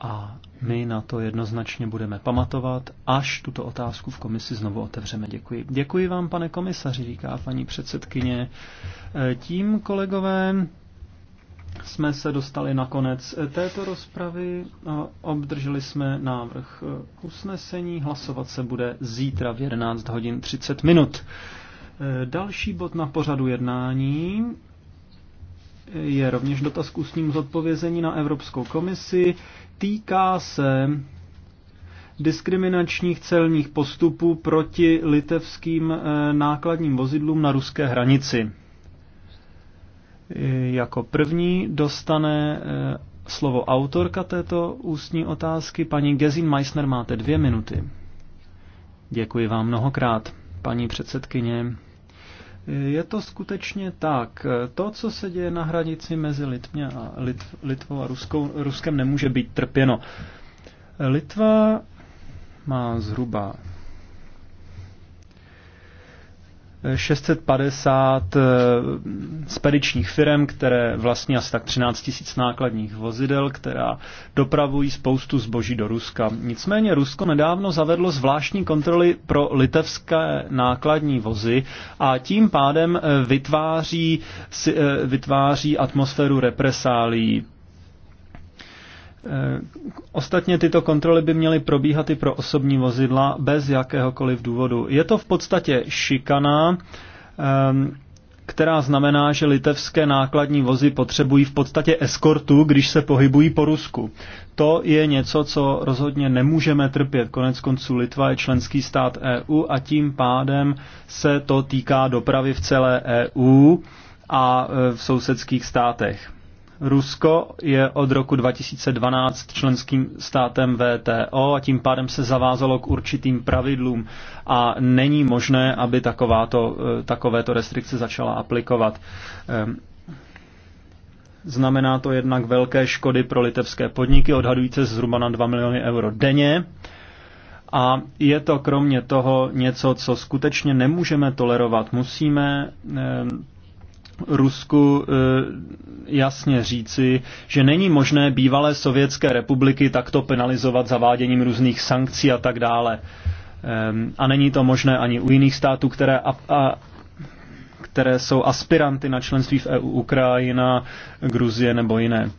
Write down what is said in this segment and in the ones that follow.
A my na to jednoznačně budeme pamatovat, až tuto otázku v komisi znovu otevřeme. Děkuji. Děkuji vám, pane komisaři, říká paní předsedkyně. Eh, tím, kolegové, jsme se dostali na konec této rozpravy. Obdrželi jsme návrh eh, usnesení. Hlasovat se bude zítra v 11 hodin 30 minut. Eh, další bod na pořadu jednání je rovněž dotaz k ústnímu zodpovězení na Evropskou komisi. Týká se diskriminačních celních postupů proti litevským eh, nákladním vozidlům na ruské hranici. Eh, jako první dostane eh, slovo autorka této ústní otázky, paní Gezin Meissner, máte dvě minuty. Děkuji vám mnohokrát, paní předsedkyně. Je to skutečně tak. To, co se děje na hranici mezi Litmě a Litv, Litvou a Ruskou, Ruskem, nemůže být trpěno. Litva má zhruba 650 eh, spedičních firm, které vlastně asi tak 13 tisíc nákladních vozidel, která dopravují spoustu zboží do Ruska. Nicméně Rusko nedávno zavedlo zvláštní kontroly pro litevské nákladní vozy a tím pádem eh, vytváří, eh, vytváří atmosféru represálí Ostatně tyto kontroly by měly probíhat i pro osobní vozidla bez jakéhokoliv důvodu. Je to v podstatě šikana, ehm, která znamená, že litevské nákladní vozy potřebují v podstatě eskortu, když se pohybují po Rusku. To je něco, co rozhodně nemůžeme trpět. Konec konců Litva je členský stát EU a tím pádem se to týká dopravy v celé EU a e, v sousedských státech. Rusko je od roku 2012 členským státem VTO a tím pádem se zavázalo k určitým pravidlům a není možné, aby takováto, eh, takovéto restrikce začala aplikovat. Ehm, znamená to jednak velké škody pro litevské podniky, odhadující se zhruba na 2 miliony euro denně. A je to kromě toho něco, co skutečně nemůžeme tolerovat. Musíme ehm, Rusku eh, jasně říci, že není možné bývalé sovětské republiky takto penalizovat zaváděním různých sankcí a tak dále. Ehm, a není to možné ani u jiných států, které, a, a, které jsou aspiranty na členství v EU, Ukrajina, Gruzie nebo jiné.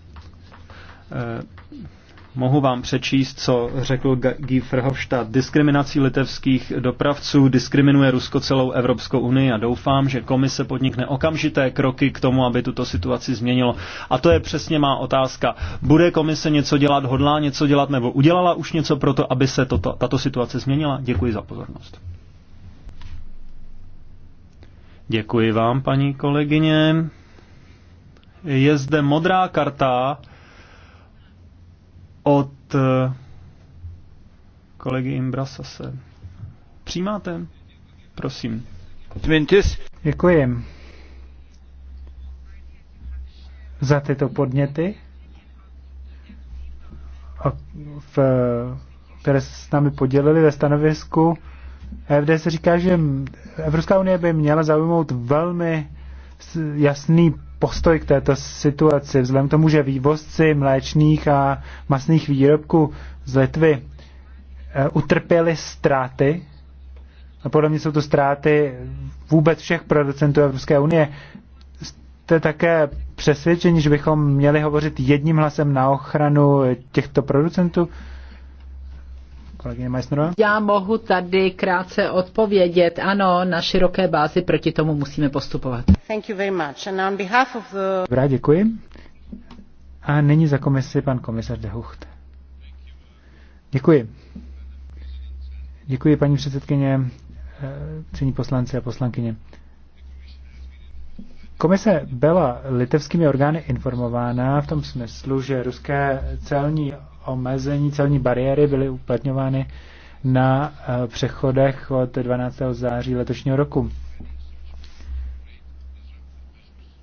Ehm, Mohu vám přečíst, co řekl Guy Verhofstadt. Diskriminací litevských dopravců diskriminuje Rusko celou Evropskou unii a doufám, že komise podnikne okamžité kroky k tomu, aby tuto situaci změnilo. A to je přesně má otázka. Bude komise něco dělat, hodlá něco dělat nebo udělala už něco pro to, aby se toto, tato situace změnila? Děkuji za pozornost. Děkuji vám, paní kolegyně. Je zde modrá karta od eh, kolegy Imbrasase. Přijímáte? Prosím. Děkuji za tyto podněty, v, které se s námi podělili ve stanovisku. FD se říká, že Evropská unie by měla zaujmout velmi jasný postoj k této situaci, vzhledem k tomu, že vývozci mléčných a masných výrobků z Litvy eh, utrpěli ztráty, a podle mě jsou to ztráty vůbec všech producentů Evropské unie, jste také přesvědčení, že bychom měli hovořit jedním hlasem na ochranu těchto producentů? kolegyně Meissnerová. Já mohu tady krátce odpovědět. Ano, na široké bázi proti tomu musíme postupovat. Thank you very much. And on behalf of the... Dobrá, děkuji. A nyní za komisi pan komisař Hucht. Děkuji. Děkuji, paní předsedkyně, eh, cení poslanci a poslankyně. Komise byla litevskými orgány informována v tom smyslu, že ruské celní omezení celní bariéry byly uplatňovány na eh, přechodech od 12. září letošního roku.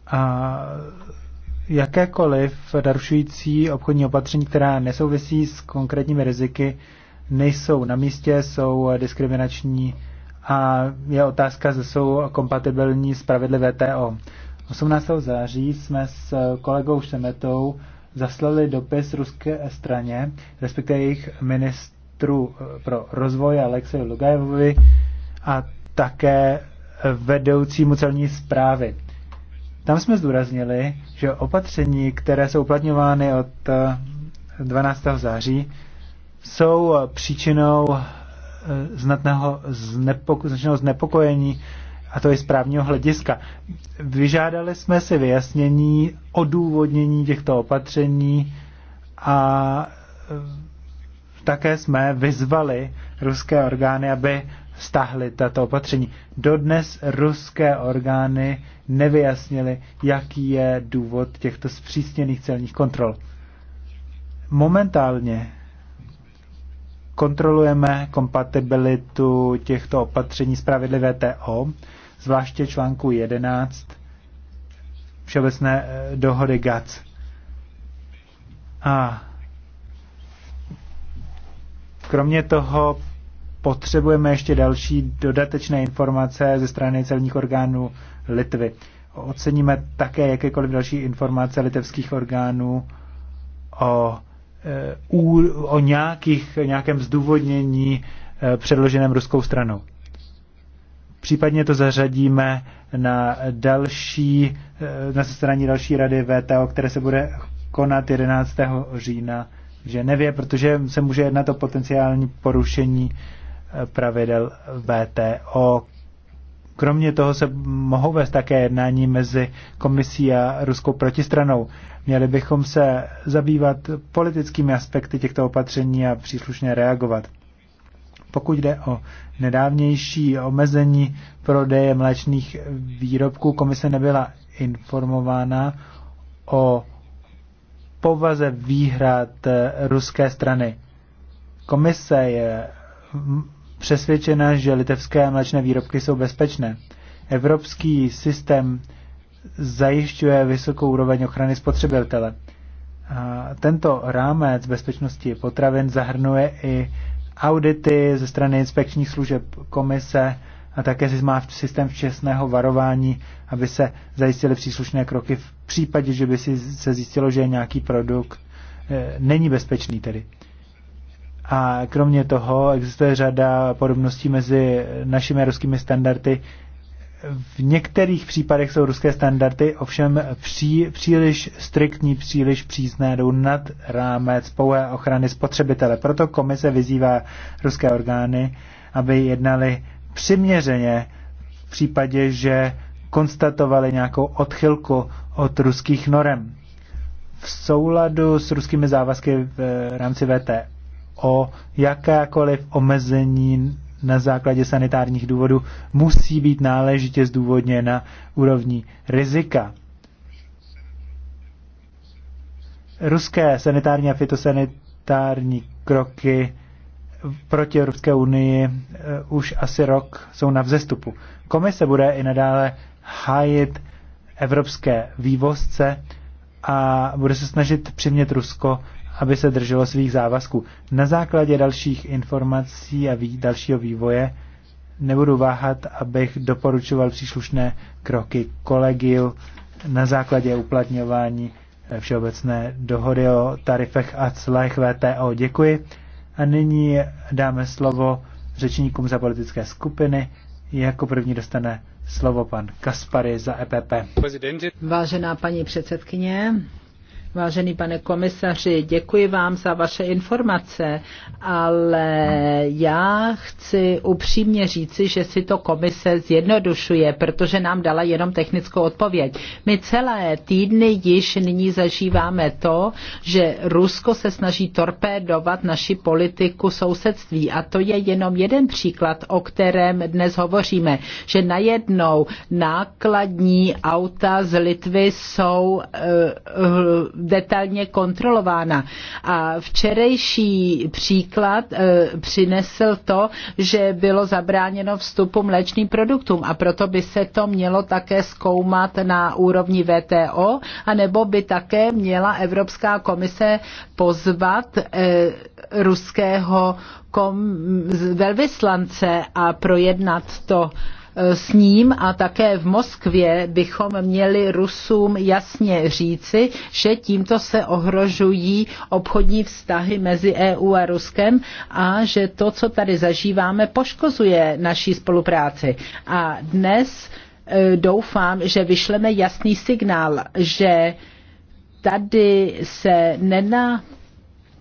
A jakékoliv narušující obchodní opatření, která nesouvisí s konkrétními riziky, nejsou na místě, jsou diskriminační a je otázka, zda jsou kompatibilní s pravidly VTO. 18. září jsme s kolegou Šemetou zaslali dopis ruské straně, respektive jejich ministru eh, pro rozvoj Alexeju Lugajevovi a také vedoucímu celní zprávy. Tam jsme zdůraznili, že opatření, které jsou uplatňovány od 12. Eh, září, jsou příčinou eh, znatného znepoko- značného znepokojení a to i z právního hlediska. Vyžádali jsme si vyjasnění, odůvodnění těchto opatření a eh, také jsme vyzvali ruské orgány, aby stáhly tato opatření. Dodnes ruské orgány nevyjasnili, jaký je důvod těchto zpřísněných celních kontrol. Momentálně kontrolujeme kompatibilitu těchto opatření z pravidly VTO, zvláště článku 11 Všeobecné eh, dohody GATS. A kromě toho potřebujeme ještě další dodatečné informace ze strany celních orgánů Litvy. Oceníme také jakékoliv další informace litevských orgánů o Eh, o nějakých, nějakém zdůvodnění eh, předloženém ruskou stranou. Případně to zařadíme na další, eh, na zasedání další rady VTO, které se bude konat 11. října v Ženevě, protože se může jednat o potenciální porušení pravidel VTO, Kromě toho se mohou vést také jednání mezi komisí a ruskou protistranou. Měli bychom se zabývat politickými aspekty těchto opatření a příslušně reagovat. Pokud jde o nedávnější omezení prodeje mléčných výrobků, komise nebyla informována o povaze výhrad ruské strany. Komise je přesvědčena, že litevské mléčné výrobky jsou bezpečné. Evropský systém zajišťuje vysokou úroveň ochrany spotřebitele. A tento rámec bezpečnosti potravin zahrnuje i audity ze strany inspekčních služeb komise a také si má systém včasného varování, aby se zajistily příslušné kroky v případě, že by si se zjistilo, že nějaký produkt eh, není bezpečný tedy. A kromě toho existuje řada podobností mezi našimi ruskými standardy. V některých případech jsou ruské standardy ovšem pří, příliš striktní, příliš přísné, jdou nad rámec pouhé ochrany spotřebitele. Proto komise vyzývá ruské orgány, aby jednali přiměřeně v případě, že konstatovali nějakou odchylku od ruských norem. V souladu s ruskými závazky v rámci VTO e o jakékoliv omezení na základě sanitárních důvodů musí být náležitě zdůvodněna úrovní rizika. Ruské sanitární a fitosanitární kroky proti Evropské unii eh, už asi rok jsou na vzestupu. Komise bude i nadále hájit evropské vývozce a bude se snažit přimět Rusko aby se drželo svých závazků. Na základě dalších informací a ví, dalšího vývoje nebudu váhat, abych doporučoval příslušné kroky kolegiu na základě uplatňování eh, Všeobecné dohody o tarifech a clech VTO. Děkuji. A nyní dáme slovo řečníkům za politické skupiny. Jako první dostane slovo pan Kaspary za EPP. Vážená paní předsedkyně, Vážený pane komisaři, děkuji vám za vaše informace, ale já chci upřímně říci, že si to komise zjednodušuje, protože nám dala jenom technickou odpověď. My celé týdny již nyní zažíváme to, že Rusko se snaží torpédovat naši politiku sousedství a to je jenom jeden příklad, o kterém dnes hovoříme, že najednou nákladní auta z Litvy jsou uh, uh, detailně kontrolována. A včerejší příklad e, přinesl to, že bylo zabráněno vstupu mléčným produktům a proto by se to mělo také zkoumat na úrovni VTO, anebo by také měla Evropská komise pozvat e, ruského kom, velvyslance a projednat to Eh, s ním a také v Moskvě bychom měli Rusům jasně říci, že tímto se ohrožují obchodní vztahy mezi EU a Ruskem a že to, co tady zažíváme, poškozuje naší spolupráci. A dnes eh, doufám, že vyšleme jasný signál, že tady se nená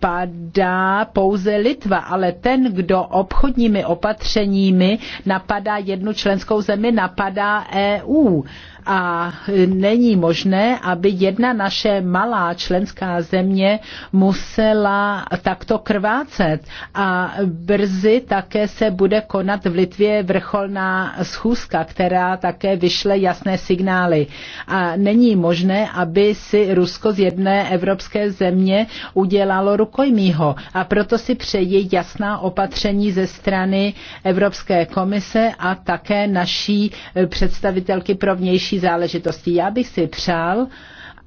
napadá pouze Litva, ale ten, kdo obchodními opatřeními napadá jednu členskou zemi, napadá EU a není možné, aby jedna naše malá členská země musela takto krvácet. A brzy také se bude konat v Litvě vrcholná schůzka, která také vyšle jasné signály. A není možné, aby si Rusko z jedné evropské země udělalo rukojmího. A proto si přeji jasná opatření ze strany Evropské komise a také naší představitelky pro vnější záležitosti. Já bych si přál,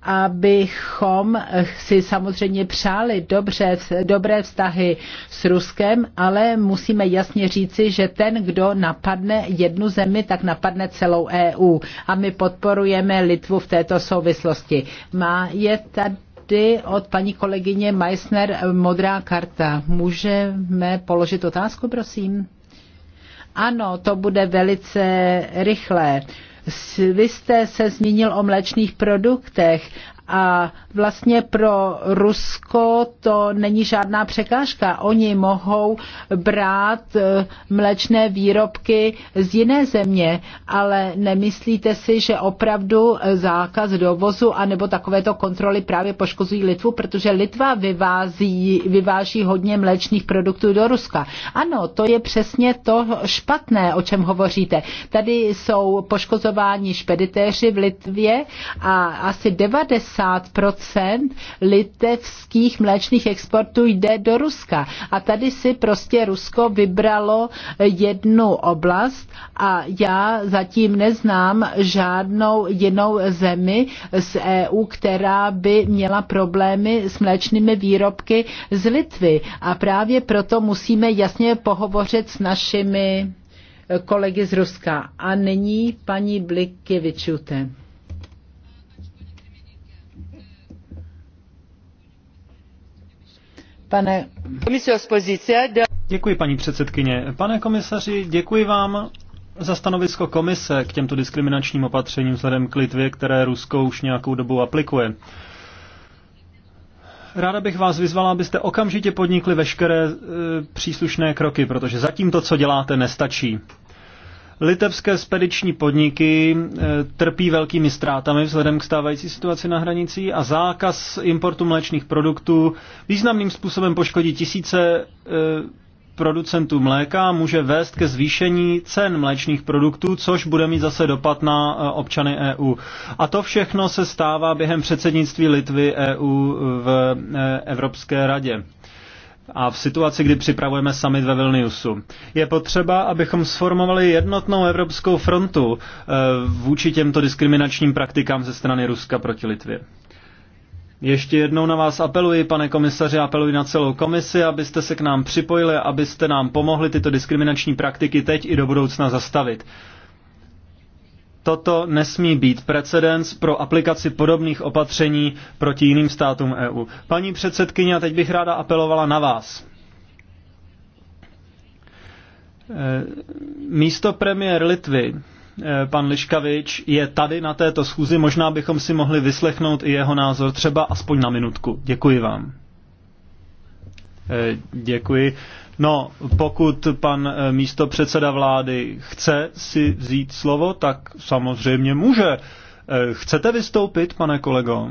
abychom si samozřejmě přáli dobře, dobré vztahy s Ruskem, ale musíme jasně říci, že ten, kdo napadne jednu zemi, tak napadne celou EU. A my podporujeme Litvu v této souvislosti. Má je tady od paní kolegyně Meissner modrá karta. Můžeme položit otázku, prosím? Ano, to bude velice rychlé. Vy jste se zmínil o mléčných produktech a vlastně pro Rusko to není žádná překážka. Oni mohou brát eh, mléčné výrobky z jiné země, ale nemyslíte si, že opravdu eh, zákaz dovozu anebo takovéto kontroly právě poškozují Litvu, protože Litva vyvází, vyváží hodně mléčných produktů do Ruska. Ano, to je přesně to špatné, o čem hovoříte. Tady jsou poškozováni špeditéři v Litvě a asi 90 90 litevských mléčných exportů jde do Ruska. A tady si prostě Rusko vybralo jednu oblast a já zatím neznám žádnou jinou zemi z EU, která by měla problémy s mléčnými výrobky z Litvy. A právě proto musíme jasně pohovořit s našimi kolegy z Ruska. A nyní paní Blikivičute. Děkuji, paní předsedkyně. Pane komisaři, děkuji vám za stanovisko komise k těmto diskriminačním opatřením vzhledem k Litvě, které Rusko už nějakou dobu aplikuje. Ráda bych vás vyzvala, abyste okamžitě podnikli veškeré e, příslušné kroky, protože zatím to, co děláte, nestačí. Litevské spediční podniky eh, trpí velkými ztrátami vzhledem k stávající situaci na hranici a zákaz importu mléčných produktů významným způsobem poškodí tisíce eh, producentů mléka může vést ke zvýšení cen mléčných produktů, což bude mít zase dopad na eh, občany EU. A to všechno se stává během předsednictví Litvy EU v Evropské radě a v situaci, kdy připravujeme summit ve Vilniusu. Je potřeba, abychom sformovali jednotnou evropskou frontu eh, vůči těmto diskriminačním praktikám ze strany Ruska proti Litvě. Ještě jednou na vás apeluji, pane komisaři, apeluji na celou komisi, abyste se k nám připojili, abyste nám pomohli tyto diskriminační praktiky teď i do budoucna zastavit. Toto nesmí být precedens pro aplikaci podobných opatření proti jiným státům EU. Paní předsedkyně, teď bych ráda apelovala na vás. Eh, místo premiér Litvy, eh, pan Liškavič, je tady na této schůzi. Možná bychom si mohli vyslechnout i jeho názor, třeba aspoň na minutku. Děkuji vám. Eh, děkuji. No, pokud pan eh, místo předseda vlády chce si vzít slovo, tak samozřejmě může. Eh, chcete vystoupit, pane kolego?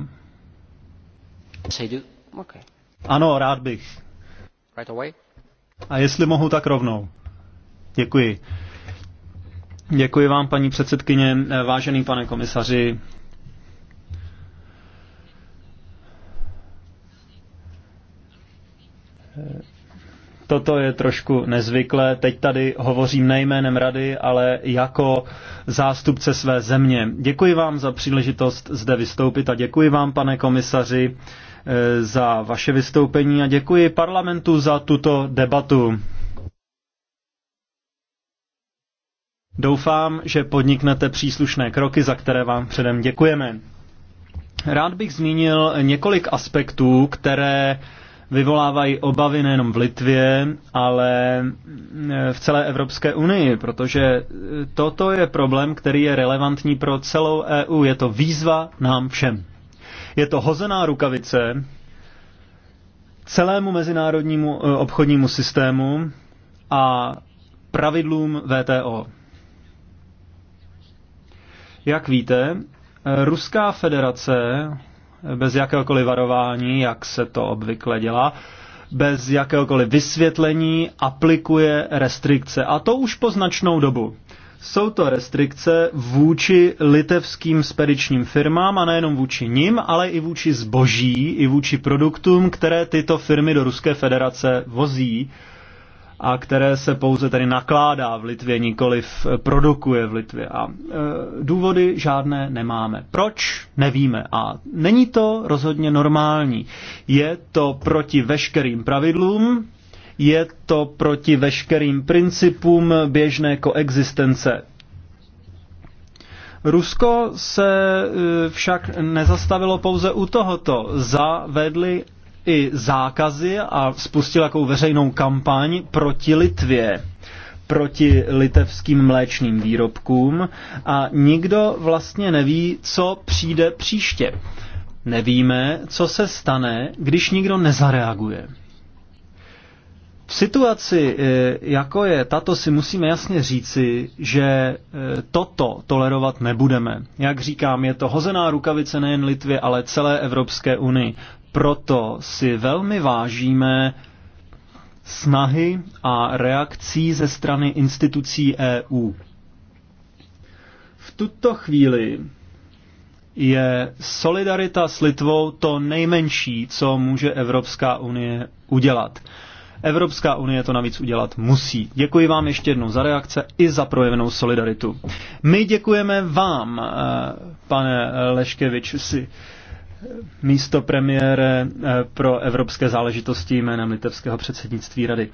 Ano, rád bych. A jestli mohu, tak rovnou. Děkuji. Děkuji vám, paní předsedkyně, eh, vážený pane komisaři. Uh Toto je trošku nezvyklé. Teď tady hovořím nejménem rady, ale jako zástupce své země. Děkuji vám za příležitost zde vystoupit a děkuji vám, pane komisaři, eh, za vaše vystoupení a děkuji parlamentu za tuto debatu. Doufám, že podniknete příslušné kroky, za které vám předem děkujeme. Rád bych zmínil několik aspektů, které vyvolávají obavy nejenom v Litvě, ale e, v celé Evropské unii, protože e, toto je problém, který je relevantní pro celou EU. Je to výzva nám všem. Je to hozená rukavice celému mezinárodnímu e, obchodnímu systému a pravidlům VTO. Jak víte, Ruská federace bez jakéhokoliv varování, jak se to obvykle dělá, bez jakéhokoliv vysvětlení aplikuje restrikce. A to už po značnou dobu. Jsou to restrikce vůči litevským spedičním firmám a nejenom vůči nim, ale i vůči zboží, i vůči produktům, které tyto firmy do Ruské federace vozí a které se pouze tady nakládá v Litvě, nikoliv eh, produkuje v Litvě. A e, důvody žádné nemáme. Proč? Nevíme. A není to rozhodně normální. Je to proti veškerým pravidlům, je to proti veškerým principům běžné koexistence. Rusko se eh, však nezastavilo pouze u tohoto. Zavedli i zákazy a spustil jakou veřejnou kampaň proti Litvě proti litevským mléčným výrobkům a nikdo vlastně neví, co přijde příště. Nevíme, co se stane, když nikdo nezareaguje. V situaci, e, jako je tato, si musíme jasně říci, že e, toto tolerovat nebudeme. Jak říkám, je to hozená rukavice nejen Litvě, ale celé Evropské unii. Proto si velmi vážíme snahy a reakcí ze strany institucí EU. V tuto chvíli je solidarita s Litvou to nejmenší, co může Evropská unie udělat. Evropská unie to navíc udělat musí. Děkuji vám ještě jednou za reakce i za projevenou solidaritu. My děkujeme vám, eh, pane Leškevič, si místo premiére eh, pro evropské záležitosti jménem litevského předsednictví rady.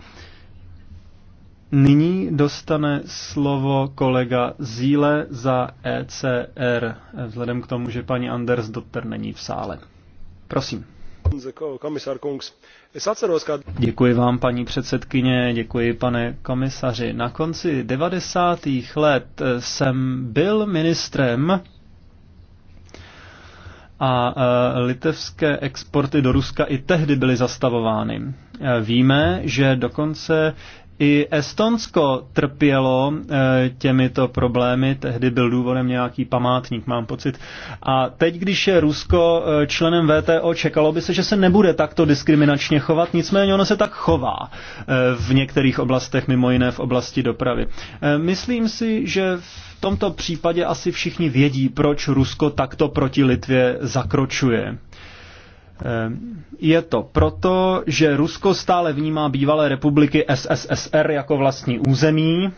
Nyní dostane slovo kolega Zíle za ECR, eh, vzhledem k tomu, že paní Anders Dotter není v sále. Prosím. Děkuji vám, paní předsedkyně, děkuji, pane komisaři. Na konci 90. let eh, jsem byl ministrem a e, litevské exporty do Ruska i tehdy byly zastavovány. E, víme, že dokonce i Estonsko trpělo eh, těmito problémy, tehdy byl důvodem nějaký památník, mám pocit. A teď, když je Rusko eh, členem VTO, čekalo by se, že se nebude takto diskriminačně chovat, nicméně ono se tak chová eh, v některých oblastech, mimo jiné v oblasti dopravy. Myslím si, že v tomto případě asi všichni vědí, proč Rusko takto proti Litvě zakročuje. Eh, je to proto, že Rusko stále vnímá bývalé republiky SSSR jako vlastní území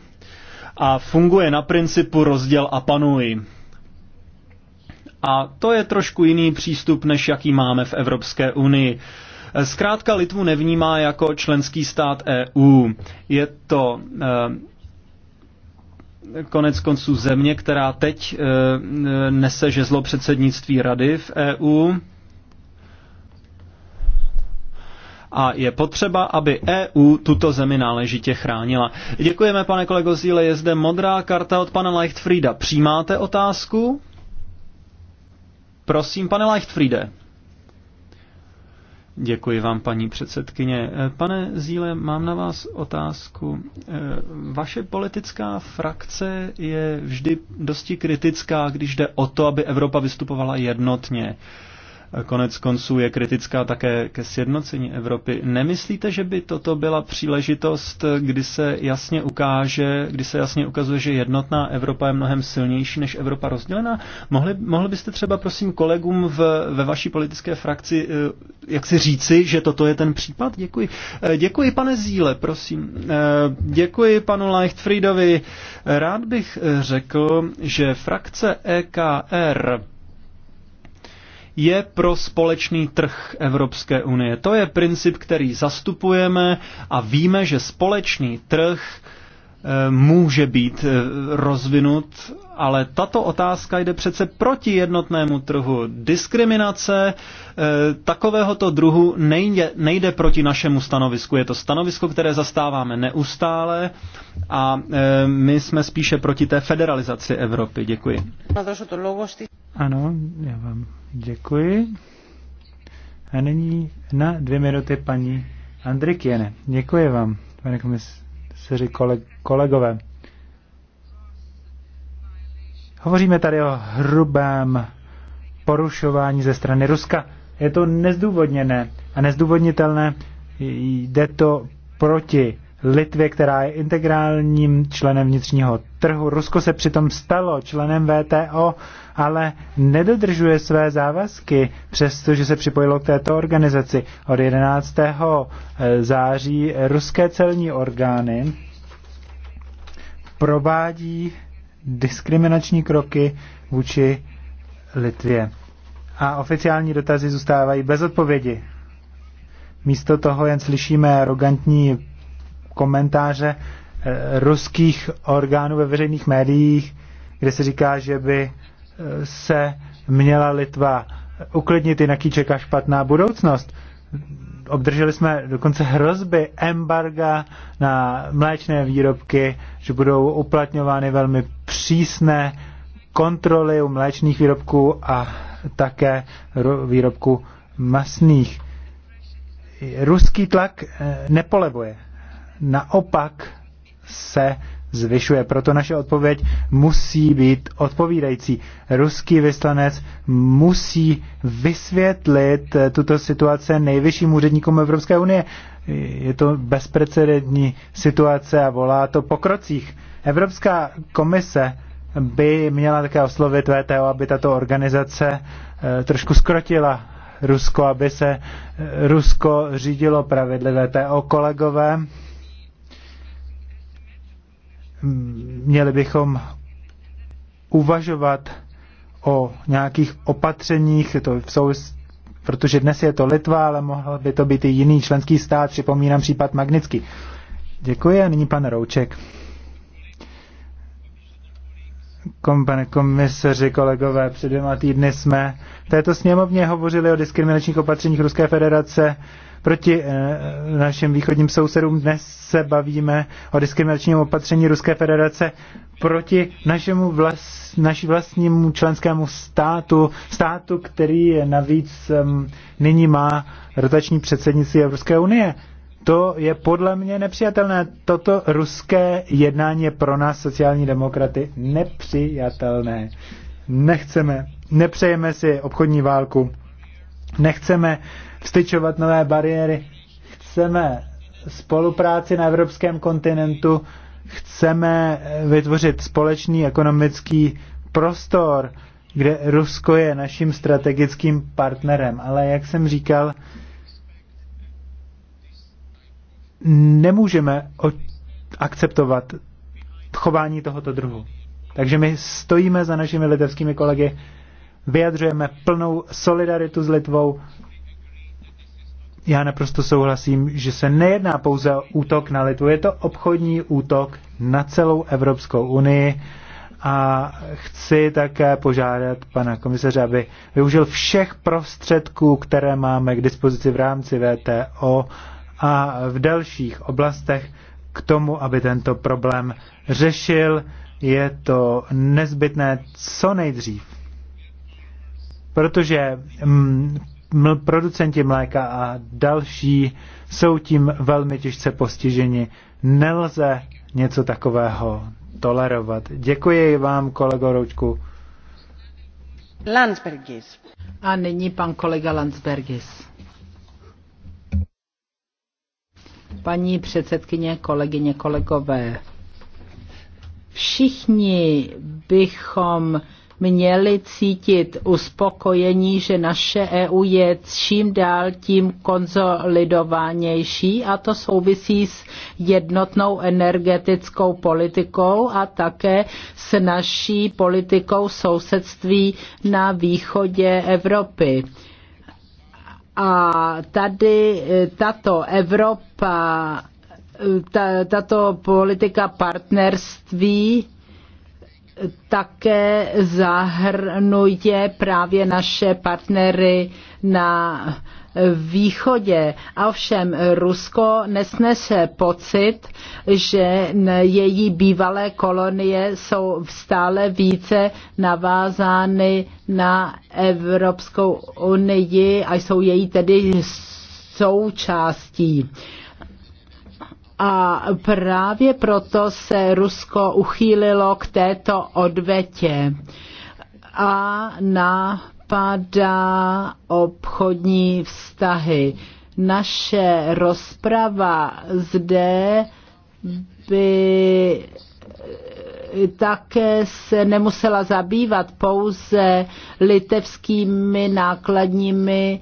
a funguje na principu rozděl a panuj. A to je trošku jiný přístup, než jaký máme v Evropské unii. Eh, zkrátka Litvu nevnímá jako členský stát EU. Je to eh, konec konců země, která teď nese žezlo předsednictví rady v EU a je potřeba, aby EU tuto zemi náležitě chránila. Děkujeme, pane kolego Zíle, je zde modrá karta od pana Leichtfrieda. Přijímáte otázku? Prosím, pane Leichtfriede. Děkuji vám, paní předsedkyně. E, pane Zíle, mám na vás otázku. E, vaše politická frakce je vždy dosti kritická, když jde o to, aby Evropa vystupovala jednotně konec konců je kritická také ke sjednocení Evropy. Nemyslíte, že by toto byla příležitost, kdy se jasně ukáže, kdy se jasně ukazuje, že jednotná Evropa je mnohem silnější než Evropa rozdělená? Mohli, mohli byste třeba, prosím, kolegům v, ve vaší politické frakci eh, jak si říci, že toto je ten případ? Děkuji. Eh, děkuji, pane Zíle, prosím. Eh, děkuji panu Leichtfriedovi. Rád bych řekl, že frakce EKR je pro společný trh Evropské unie. To je princip, který zastupujeme a víme, že společný trh eh, může být eh, rozvinut, ale tato otázka jde přece proti jednotnému trhu. Diskriminace eh, takovéhoto druhu nejde, nejde proti našemu stanovisku. Je to stanovisko, které zastáváme neustále a my jsme spíše proti té federalizaci Evropy. Děkuji. Ano, já vám děkuji. A nyní na dvě minuty paní Andrikiene. Děkuji vám, pane komisaři kolegové. Hovoříme tady o hrubém porušování ze strany Ruska. Je to nezdůvodněné a nezdůvodnitelné. Jde to proti Litvě, která je integrálním členem vnitřního trhu. Rusko se přitom stalo členem VTO, ale nedodržuje své závazky, přestože se připojilo k této organizaci. Od 11. Eh, září ruské celní orgány provádí diskriminační kroky vůči Litvě. A oficiální dotazy zůstávají bez odpovědi. Místo toho jen slyšíme arrogantní komentáře eh, ruských orgánů ve veřejných médiích, kde se říká, že by eh, se měla Litva uklidnit, jinak ji čeká špatná budoucnost. Obdrželi jsme dokonce hrozby embarga na mléčné výrobky, že budou uplatňovány velmi přísné kontroly u mléčných výrobků a také výrobků masných. Ruský tlak eh, nepolevuje naopak se zvyšuje. Proto naše odpověď musí být odpovídající. Ruský vyslanec musí vysvětlit tuto situaci nejvyšším úředníkům Evropské unie. Je to bezprecedentní situace a volá to po krocích. Evropská komise by měla také oslovit VTO, aby tato organizace eh, trošku skrotila Rusko, aby se eh, Rusko řídilo pravidly VTO. Kolegové, měli bychom uvažovat o nějakých opatřeních, to souvis- protože dnes je to Litva, ale mohl by to být i jiný členský stát, připomínám případ Magnický. Děkuji a nyní pan Rouček kom, pane komisaři, kolegové, před dvěma týdny jsme v této sněmovně hovořili o diskriminačních opatřeních Ruské federace proti eh, našim východním sousedům. Dnes se bavíme o diskriminačním opatření Ruské federace proti našemu vlast, naši vlastnímu členskému státu, státu, který navíc ehm, nyní má rotační předsednictví Evropské unie. To je podle mě nepřijatelné. Toto ruské jednání je pro nás sociální demokraty nepřijatelné. Nechceme, nepřejeme si obchodní válku, nechceme vstyčovat nové bariéry, chceme spolupráci na evropském kontinentu, chceme eh, vytvořit společný ekonomický prostor, kde Rusko je naším strategickým partnerem. Ale jak jsem říkal, nemůžeme akceptovat chování tohoto druhu. Takže my stojíme za našimi litevskými kolegy, vyjadřujeme plnou solidaritu s Litvou. Já naprosto souhlasím, že se nejedná pouze o útok na Litvu, je to obchodní útok na celou Evropskou unii a chci také požádat pana komisaře, aby využil všech prostředků, které máme k dispozici v rámci VTO, a v dalších oblastech k tomu, aby tento problém řešil. Je to nezbytné co nejdřív. Protože mm, producenti mléka a další jsou tím velmi těžce postiženi. Nelze něco takového tolerovat. Děkuji vám, kolego Roučku. Landsbergis. A nyní pan kolega Landsbergis. Paní předsedkyně, kolegyně, kolegové, všichni bychom měli cítit uspokojení, že naše EU je čím dál tím konzolidovanější a to souvisí s jednotnou energetickou politikou a také s naší politikou sousedství na východě Evropy. A tady e, tato Evropa, e, ta, tato politika partnerství také zahrnuje právě naše partnery na východě. A ovšem Rusko nesnese pocit, že její bývalé kolonie jsou stále více navázány na Evropskou unii a jsou její tedy součástí. A právě proto se Rusko uchýlilo k této odvetě a napadá obchodní vztahy. Naše rozprava zde by také se nemusela zabývat pouze litevskými nákladními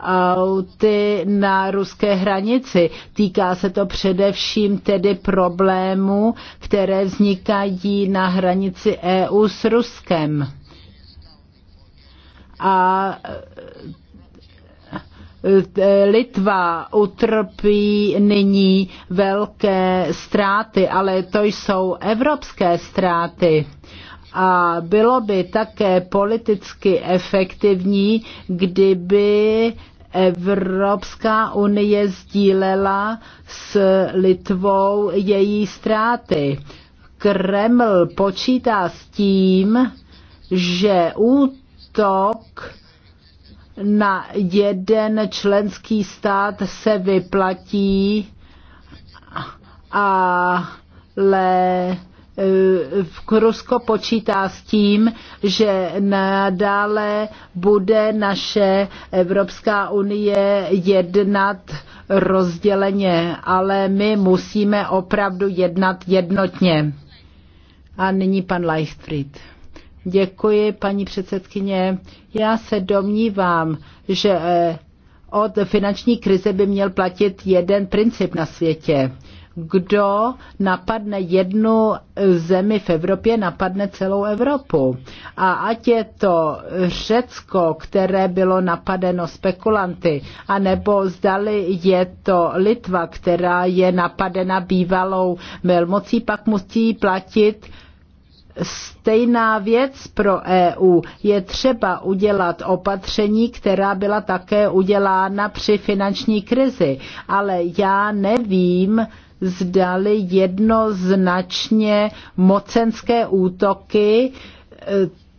auty na ruské hranici. Týká se to především tedy problémů, které vznikají na hranici EU s Ruskem. A e, Litva utrpí nyní velké ztráty, ale to jsou evropské ztráty a bylo by také politicky efektivní, kdyby Evropská unie sdílela s Litvou její ztráty. Kreml počítá s tím, že útok na jeden členský stát se vyplatí, ale Eh, Rusko počítá s tím, že nadále bude naše Evropská unie jednat rozděleně, ale my musíme opravdu jednat jednotně. A nyní pan Leichtfried. Děkuji, paní předsedkyně. Já se domnívám, že eh, od finanční krize by měl platit jeden princip na světě kdo napadne jednu zemi v Evropě, napadne celou Evropu. A ať je to Řecko, které bylo napadeno spekulanty, anebo zdali je to Litva, která je napadena bývalou velmocí, pak musí platit stejná věc pro EU. Je třeba udělat opatření, která byla také udělána při finanční krizi. Ale já nevím, zdali jednoznačně mocenské útoky eh,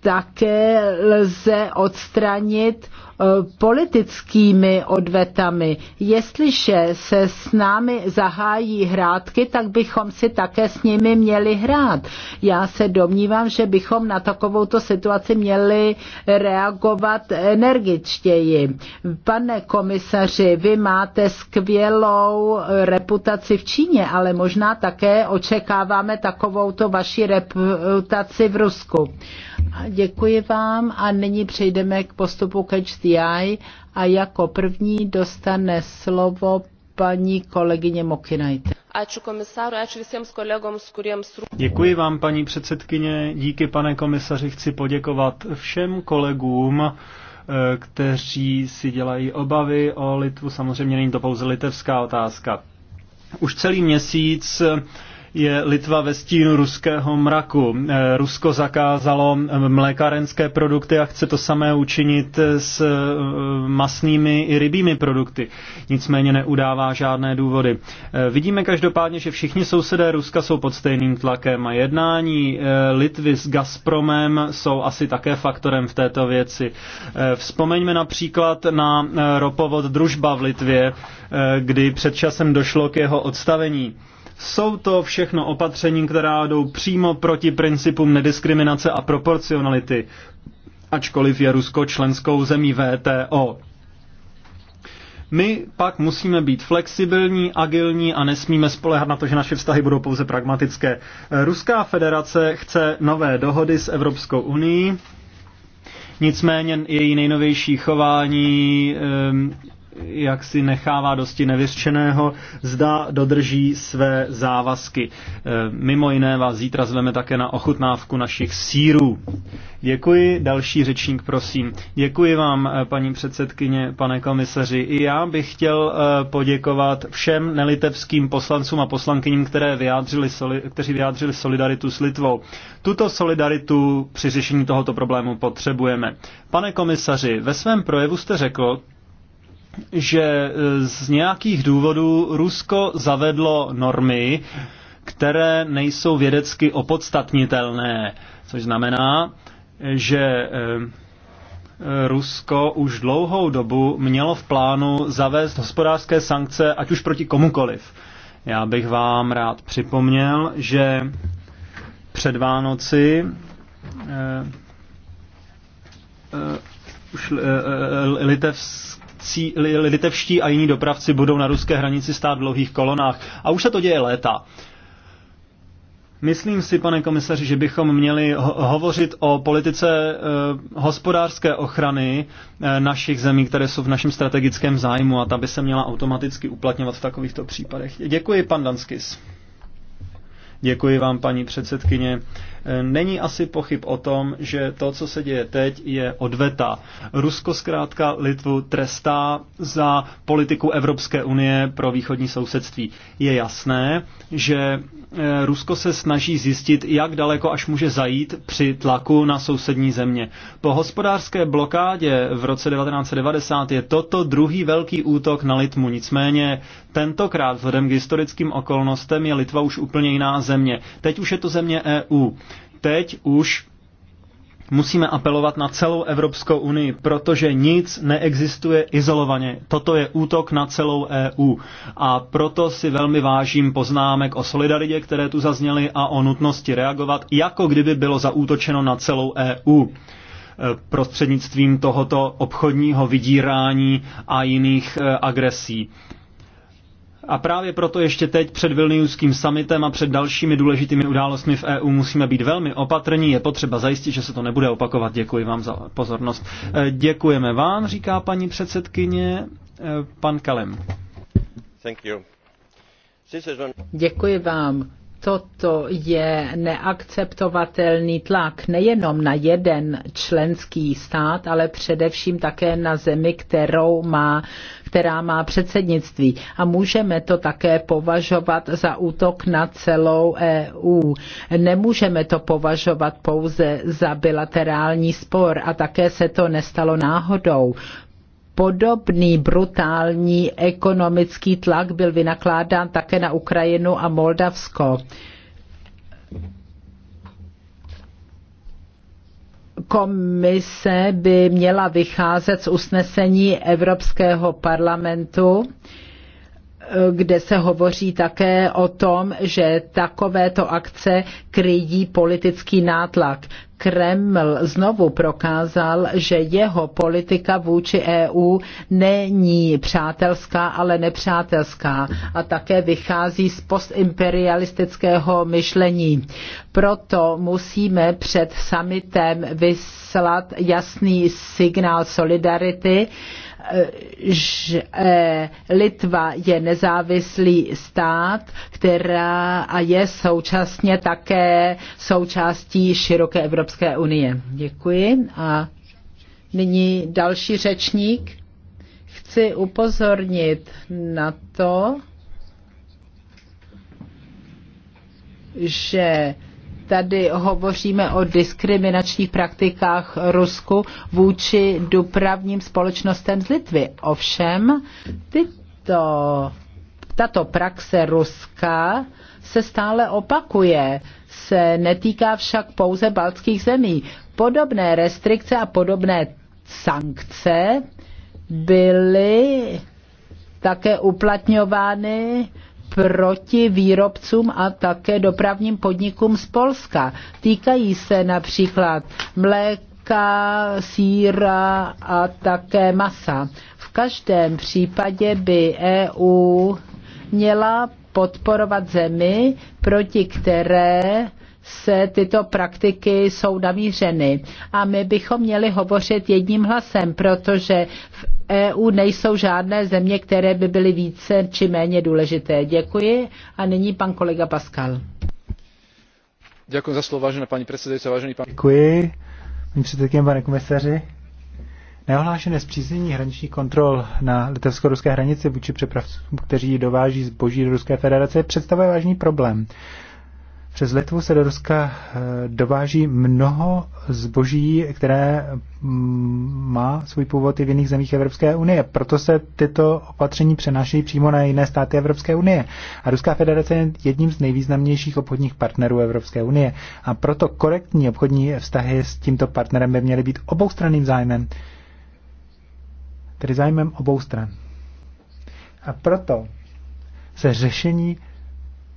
také lze odstranit eh, politickými odvetami. Jestliže se s námi zahájí hrátky, tak bychom si také s nimi měli hrát. Já se domnívám, že bychom na takovouto situaci měli reagovat energičtěji. Pane komisaři, vy máte skvělou reputaci v Číně, ale možná také očekáváme takovouto vaši reputaci v Rusku. Děkuji vám a nyní přejdeme k postupu Catch the Eye a jako první dostane slovo paní kolegyně Mokinajte. Děkuji vám, paní předsedkyně. Díky, pane komisaři, chci poděkovat všem kolegům, eh, kteří si dělají obavy o Litvu. Samozřejmě není to pouze litevská otázka. Už celý měsíc je Litva ve stínu ruského mraku. Eh, Rusko zakázalo eh, mlékárenské produkty a chce to samé učinit s eh, masnými i rybími produkty. Nicméně neudává žádné důvody. Vidíme každopádně, že všichni sousedé Ruska jsou pod stejným tlakem a jednání Litvy s Gazpromem jsou asi také faktorem v této věci. Vzpomeňme například na ropovod Družba v Litvě, kdy před časem došlo k jeho odstavení. Jsou to všechno opatření, která jdou přímo proti principům nediskriminace a proporcionality, ačkoliv je Rusko členskou zemí VTO. My pak musíme být flexibilní, agilní a nesmíme spolehat na to, že naše vztahy budou pouze pragmatické. Ruská federace chce nové dohody s Evropskou unii, nicméně její nejnovější chování ehm, jak si nechává dosti nevyřčeného, zda dodrží své závazky. E, mimo jiné vás zítra zveme také na ochutnávku našich sírů. Děkuji, další řečník, prosím. Děkuji vám, e, paní předsedkyně, pane komisaři. I já bych chtěl e, poděkovat všem nelitevským poslancům a poslankyním, které vyjádřili, kteří vyjádřili solidaritu s Litvou. Tuto solidaritu při řešení tohoto problému potřebujeme. Pane komisaři, ve svém projevu jste řekl, že eh, z nějakých důvodů Rusko zavedlo normy, které nejsou vědecky opodstatnitelné, což znamená, že eh, Rusko už dlouhou dobu mělo v plánu zavést hospodářské sankce, ať už proti komukoliv. Já bych vám rád připomněl, že před Vánoci eh, eh, už, eh, eh litevsk, litevcí, litevští a jiní dopravci budou na ruské hranici stát v dlouhých kolonách. A už se to děje léta. Myslím si, pane komisaři, že bychom měli ho- hovořit o politice e, hospodářské ochrany e, našich zemí, které jsou v našem strategickém zájmu a ta by se měla automaticky uplatňovat v takovýchto případech. Děkuji, pan Danskis. Děkuji vám, paní předsedkyně. Není asi pochyb o tom, že to, co se děje teď, je odveta. Rusko zkrátka Litvu trestá za politiku Evropské unie pro východní sousedství. Je jasné, že eh, Rusko se snaží zjistit, jak daleko až může zajít při tlaku na sousední země. Po hospodářské blokádě v roce 1990 je toto druhý velký útok na Litmu. Nicméně tentokrát vzhledem k historickým okolnostem je Litva už úplně jiná země. Teď už je to země EU teď už musíme apelovat na celou Evropskou unii, protože nic neexistuje izolovaně. Toto je útok na celou EU. A proto si velmi vážím poznámek o solidaritě, které tu zazněly, a o nutnosti reagovat, jako kdyby bylo zaútočeno na celou EU e, prostřednictvím tohoto obchodního vydírání a jiných e, agresí. A právě proto ještě teď před Vilniuským summitem a před dalšími důležitými událostmi v EU musíme být velmi opatrní. Je potřeba zajistit, že se to nebude opakovat. Děkuji vám za pozornost. E, děkujeme vám, říká paní předsedkyně. E, pan Kalem. Děkuji vám toto je neakceptovatelný tlak nejenom na jeden členský stát, ale především také na zemi, kterou má která má předsednictví. A můžeme to také považovat za útok na celou EU. Nemůžeme to považovat pouze za bilaterální spor a také se to nestalo náhodou podobný brutální ekonomický tlak byl vynakládán také na Ukrajinu a Moldavsko. komise by měla vycházet z usnesení Evropského parlamentu, kde se hovoří také o tom, že takovéto akce kryjí politický nátlak. Kreml znovu prokázal, že jeho politika vůči EU není přátelská, ale nepřátelská a také vychází z postimperialistického myšlení. Proto musíme před summitem vyslat jasný signál solidarity, že eh, Litva je nezávislý stát, která a je současně také součástí široké Evropské unie. Děkuji. A nyní další řečník. Chci upozornit na to, že tady hovoříme o diskriminačních praktikách Rusku vůči dopravním společnostem z Litvy. Ovšem, tyto, tato praxe Ruska se stále opakuje, se netýká však pouze baltských zemí. Podobné restrikce a podobné sankce byly také uplatňovány proti výrobcům a také dopravním podnikům z Polska. Týkají se například mléka, síra a také masa. V každém případě by EU měla podporovat zemi, proti které se tyto praktiky jsou navířeny. A my bychom měli hovořit jedním hlasem, protože v EU nejsou žádné země, které by byly více či méně důležité. Děkuji. A nyní pan kolega Pascal. Děkuji za slovo, vážená paní předsedající, vážený pan... Děkuji, paní předsedkyně, pane komisaři. Neohlášené zpřízení hraniční kontrol na litevsko-ruské hranici vůči přepravcům, kteří dováží zboží do Ruské federace, představuje vážný problém. Přes Litvu se do Ruska eh, dováží mnoho zboží, které mm, má svůj původ i v jiných zemích Evropské unie. Proto se tyto opatření přenášejí přímo na jiné státy Evropské unie. A Ruská federace je jedním z nejvýznamnějších obchodních partnerů Evropské unie. A proto korektní obchodní vztahy s tímto partnerem by měly být oboustranným zájmem. Tedy zájmem obou stran. A proto se řešení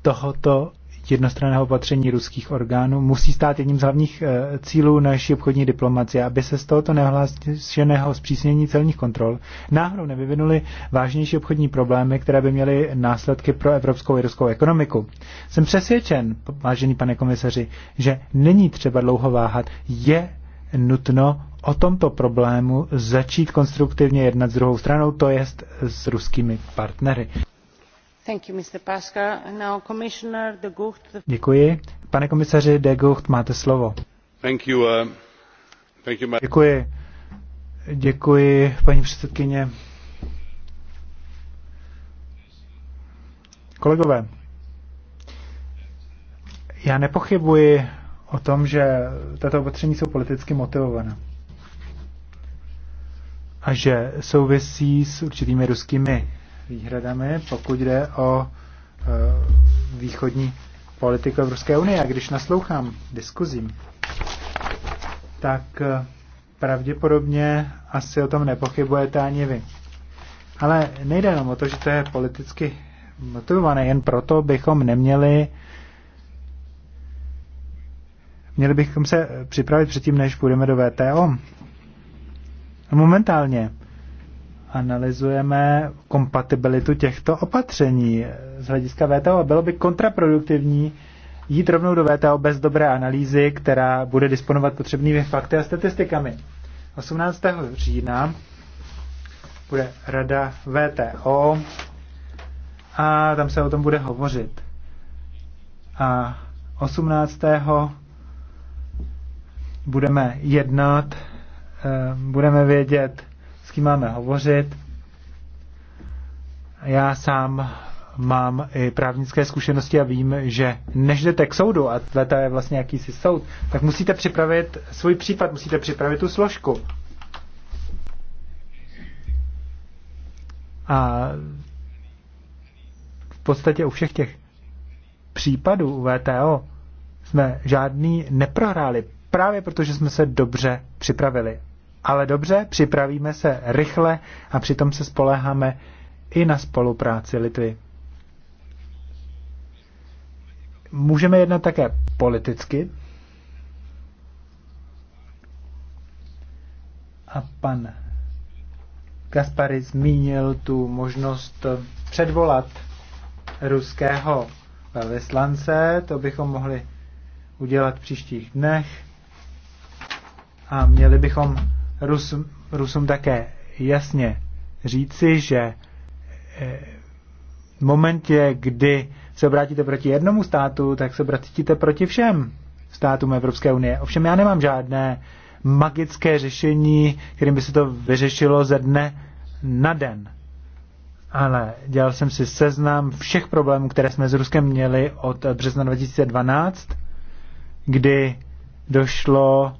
tohoto jednostranného opatření ruských orgánů musí stát jedním z hlavních eh, cílů naší obchodní diplomacie, aby se z tohoto nehlášeného zpřísnění celních kontrol náhodou nevyvinuly vážnější obchodní problémy, které by měly následky pro evropskou i ruskou ekonomiku. Jsem přesvědčen, vážený pane komisaři, že není třeba dlouho váhat, je nutno o tomto problému začít konstruktivně jednat s druhou stranou, to jest s ruskými partnery. Děkuji. Pane komisaři de Gucht, máte slovo. Uh, Děkuji. Děkuji, paní předsedkyně. Kolegové, já nepochybuji o tom, že tato opatření jsou politicky motivovaná a že souvisí s určitými ruskými výhradami, pokud jde o eh, východní politiku Evropské unie. A když naslouchám diskuzím, tak eh, pravděpodobně asi o tom nepochybujete ani vy. Ale nejde jenom o to, že to je politicky motivované, jen proto bychom neměli měli bychom se připravit předtím, než půjdeme do VTO. Momentálně analyzujeme kompatibilitu těchto opatření z hlediska VTO bylo by kontraproduktivní jít rovnou do VTO bez dobré analýzy, která bude disponovat potřebnými fakty a statistikami. 18. října bude rada VTO a tam se o tom bude hovořit. A 18. budeme jednat, eh, budeme vědět, s kým máme hovořit. Já sám mám i právnické zkušenosti a vím, že než jdete k soudu, a tleta je vlastně jakýsi soud, tak musíte připravit svůj případ, musíte připravit tu složku. A v podstatě u všech těch případů u VTO jsme žádný neprohráli, právě protože jsme se dobře připravili. Ale dobře, připravíme se rychle a přitom se spoléháme i na spolupráci Litvy. Můžeme jednat také politicky. A pan Gaspary zmínil tu možnost předvolat ruského velvyslance, to bychom mohli udělat v příštích dnech a měli bychom Rusům, Rusům také jasně říci, že eh, v momentě, kdy se obrátíte proti jednomu státu, tak se obrátíte proti všem státům Evropské unie. Ovšem já nemám žádné magické řešení, kterým by se to vyřešilo ze dne na den. Ale dělal jsem si seznam všech problémů, které jsme s Ruskem měli od března 2012, kdy došlo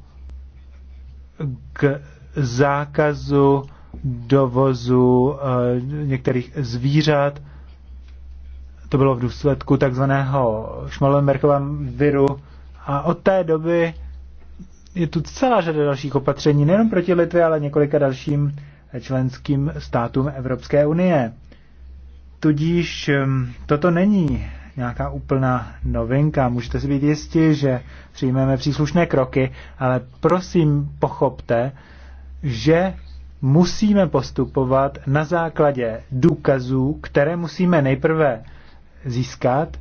k zákazu dovozu eh, některých zvířat. To bylo v důsledku takzvaného Šmalenberkova viru. A od té doby je tu celá řada dalších opatření, nejen proti Litvě, ale několika dalším členským státům Evropské unie. Tudíž toto není nějaká úplná novinka. Můžete si být jistí, že přijmeme příslušné kroky, ale prosím pochopte, že musíme postupovat na základě důkazů, které musíme nejprve získat,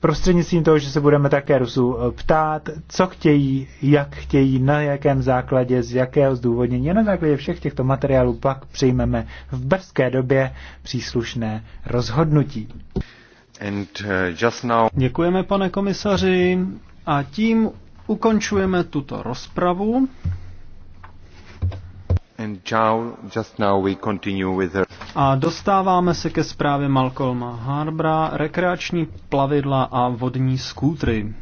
prostřednictvím toho, že se budeme také Rusů eh, ptát, co chtějí, jak chtějí, na jakém základě, z jakého zdůvodnění. A na základě všech těchto materiálů pak přijmeme v brzké době příslušné rozhodnutí. And, eh, just now... Děkujeme, pane komisaři. A tím ukončujeme tuto rozpravu. A dostáváme se ke zprávě Malcolma Harbra, rekreační plavidla a vodní skútry.